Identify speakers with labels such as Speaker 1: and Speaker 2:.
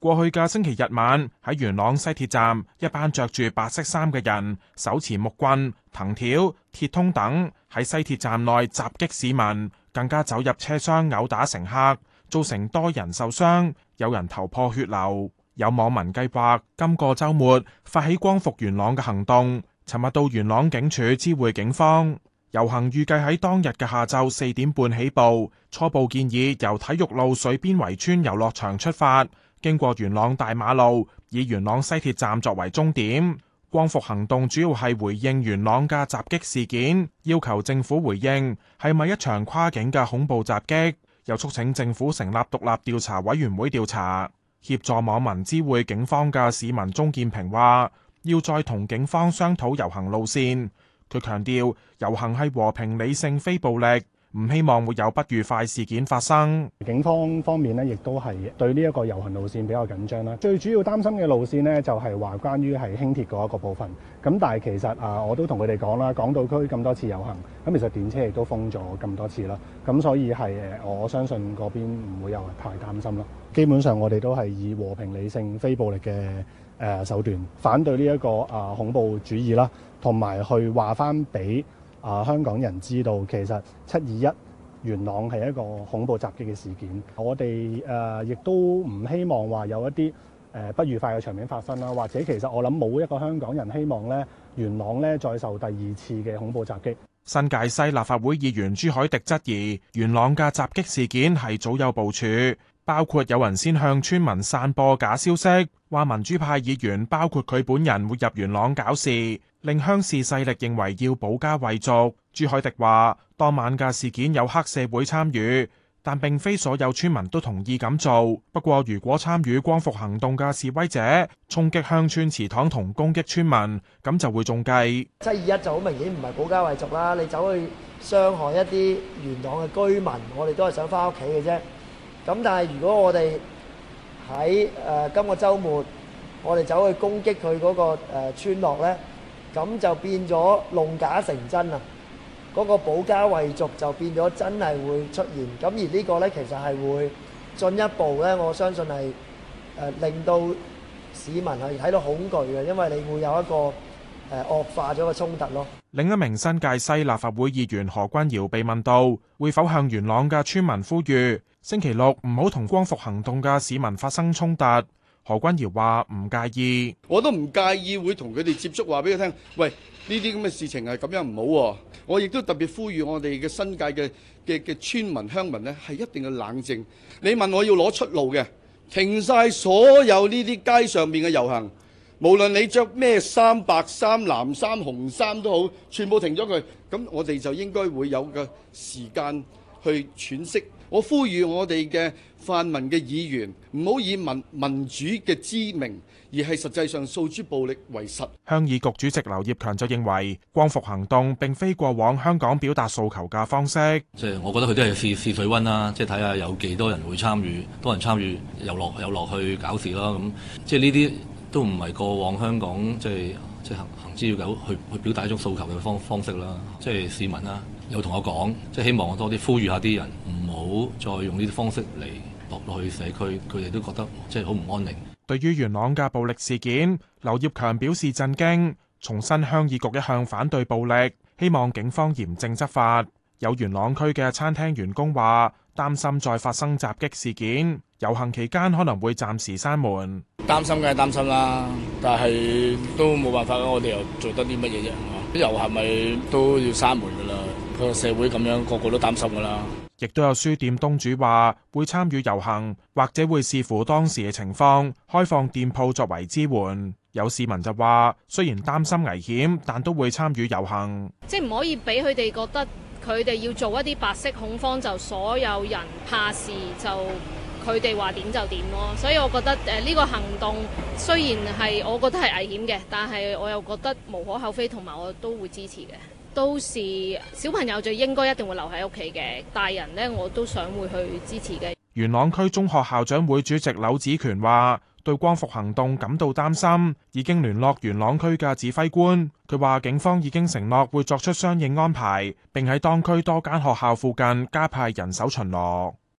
Speaker 1: 過去嘅星期日晚喺元朗西鐵站，一班着住白色衫嘅人，手持木棍、藤條、鐵通等喺西鐵站內襲擊市民，更加走入車廂毆打乘客，造成多人受傷，有人頭破血流。有網民計劃今個周末發起光復元朗嘅行動，尋日到元朗警署知會警方。遊行預計喺當日嘅下晝四點半起步，初步建議由體育路、水邊圍村遊樂場出發。經過元朗大馬路，以元朗西鐵站作為終點。光復行動主要係回應元朗嘅襲擊事件要求政府回應係咪一場跨境嘅恐怖襲擊，又促請政府成立獨立調查委員會調查。協助網民知會警方嘅市民鐘建平話，要再同警方商討遊行路線。佢強調遊行係和平理性，非暴力。唔希望會有不愉快事件發生。
Speaker 2: 警方方面呢，亦都係對呢一個遊行路線比較緊張啦。最主要擔心嘅路線呢，就係、是、話關於係輕鐵嗰一個部分。咁但係其實啊，我都同佢哋講啦，港島區咁多次遊行，咁其實電車亦都封咗咁多次啦。咁所以係誒，我相信嗰邊唔會有太擔心咯。基本上我哋都係以和平、理性、非暴力嘅誒、呃、手段反對呢、這、一個啊、呃、恐怖主義啦，同埋去話翻俾。啊！香港人知道其實七二一元朗係一個恐怖襲擊嘅事件。我哋誒亦都唔希望話有一啲誒不愉快嘅場面發生啦。或者其實我諗冇一個香港人希望咧元朗咧再受第二次嘅恐怖襲擊。
Speaker 1: 新界西立法會議員朱凱廸質疑元朗嘅襲擊事件係早有部署，包括有人先向村民散播假消息，話民主派議員包括佢本人會入元朗搞事。令鄉事勢力認為要保家衛族。朱凱廸話：當晚嘅事件有黑社會參與，但並非所有村民都同意咁做。不過，如果參與光復行動嘅示威者衝擊鄉村祠堂同攻擊村民，咁就會中計。
Speaker 2: 七二一就好明顯唔係保家衛族啦。你走去傷害一啲元朗嘅居民，我哋都係想翻屋企嘅啫。咁但係如果我哋喺誒今個周末，我哋走去攻擊佢嗰個誒、呃、村落呢。咁就變咗弄假成真啊！嗰個保家衞族就變咗真係會出現，咁而呢個呢其實係會進一步呢，我相信係誒令到市民係喺度恐懼嘅，因為你會有一個誒惡化咗嘅衝突咯。
Speaker 1: 另一名新界西立法會議員何君堯被問到會否向元朗嘅村民呼籲，星期六唔好同光復行動嘅市民發生衝突。何君堯話唔介意，
Speaker 3: 我都唔介意會同佢哋接觸，話俾佢聽，喂，呢啲咁嘅事情係咁樣唔好啊。我亦都特別呼籲我哋嘅新界嘅嘅嘅村民鄉民咧，係一定要冷靜。你問我要攞出路嘅，停晒所有呢啲街上面嘅遊行，無論你着咩衫，白衫、藍衫、紅衫都好，全部停咗佢，咁我哋就應該會有個時間去喘息。我呼籲我哋嘅泛民嘅議員唔好以民民主嘅之名，而係實際上訴諸暴力為實。
Speaker 1: 鄉議局主席劉業強就認為，光復行動並非過往香港表達訴求嘅方式。即係我覺得佢
Speaker 2: 都係試試水溫啦、啊，即係睇下有幾多人會參與，多人參與又落又落去搞事啦、啊。咁即係呢啲都唔係過往香港即係即係行行之已久去去，去表達一種訴求嘅方方式啦、啊。即、就、係、是、市民啦、啊，有同我講，即、就、係、是、希望我多啲呼籲下
Speaker 1: 啲人、嗯唔好再用呢啲方式嚟搏落去社區，佢哋都覺得即係好唔安寧。對於元朗嘅暴力事件，劉業強表示震驚，重申鄉議局一向反對暴力，希望警方嚴正執法。有元朗區嘅餐廳員工話，擔心再發生襲擊事件，遊行期間可能會暫時閂門，
Speaker 3: 擔心梗係擔心啦，但係都冇辦法，我哋又做得啲乜嘢啫？啲遊行咪都要閂門噶啦。個社會咁樣個個都擔心噶啦。
Speaker 1: 亦都有書店東主話會參與遊行，或者會視乎當時嘅情況，開放店鋪作為支援。有市民就話，雖然擔心危險，但都會參與遊行。即係唔可以俾佢哋覺得佢哋要做一啲白色恐慌，就所有人怕事，就佢哋話點就點咯。所以我覺得誒，呢個行動雖然係我覺得係危險嘅，但係我又覺得無可厚非，同埋我都會支持嘅。都是小朋友就應該一定會留喺屋企嘅，大人呢，我都想會去支持嘅。元朗區中學校長會主席柳子權話，對光復行動感到擔心，已經聯絡元朗區嘅指揮官。佢話警方已經承諾會作出相應安排，並喺當區多間學校附近加派人手巡邏。